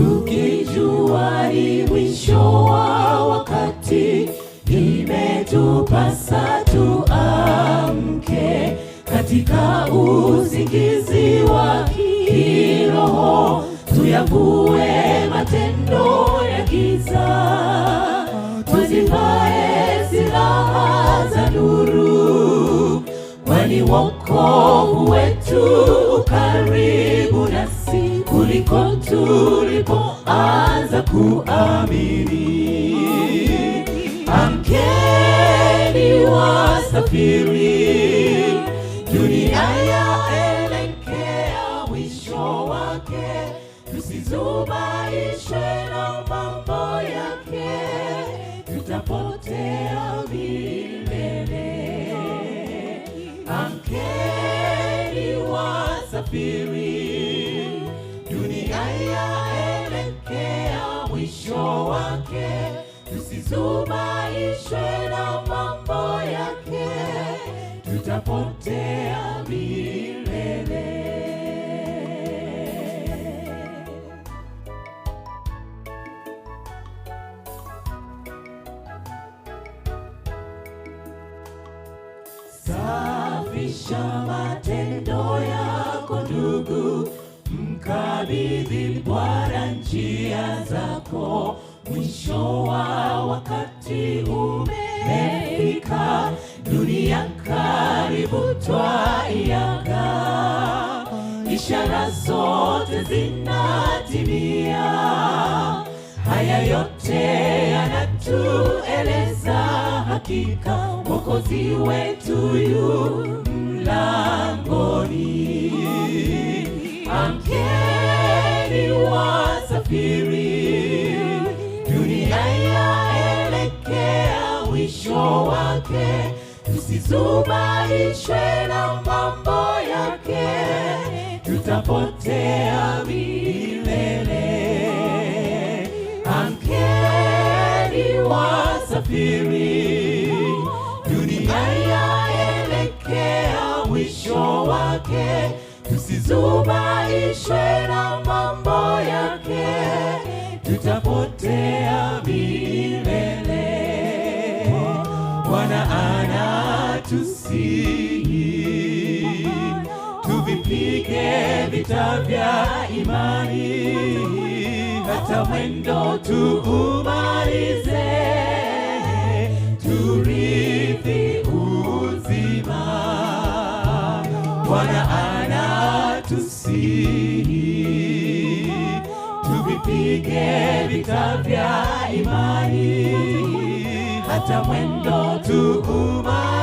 tukijua ni mwisho wa wakati, imetupasa tuamke katika usingizi wa kiroho, tuyavue matendo ya giza, tuzivae silaha za nuru, kwani wokovu wetu karibu tulipoanza kuamini. Amkeni wasafiri, dunia yaelekea mwisho wake, tusizubaishwe na mambo yake, tutapotea milele. Amkeni wasafiri tubaishwe na mambo yake, tutapotea milele. Safisha matendo yako ndugu, mkabidhi Bwana njia zako Mwisho wa wakati umefika, dunia karibu twaiaga, ishara zote zinatimia. Haya yote yanatueleza hakika Mwokozi wetu yu mlangoni. Amkeni wasafiri mwisho wake, tusizubaishwe na mambo yake, tutapotea milele. Amkeni wasafiri, dunia yaelekea mwisho wake, tusizubaishwe na mambo yake, tutapotea milele. msingi, tuvipige vita vya imani, hata mwendo tuumalize, turithi uzima. Bwana anatusihi tuvipige vita vya imani, hata mwendo tuumalize